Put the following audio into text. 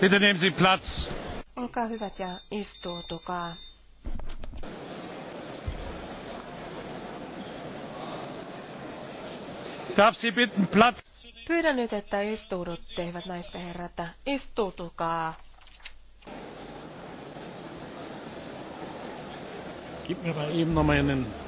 Bitte nehmen Sie Platz. Olkaa hyvät ja istuutukaa. Darf Sie bitten Platz. Pyydän nyt, että istuudut, tehvät naiset ja herrat. Istuutukaa. Gib mir mal eben noch mal einen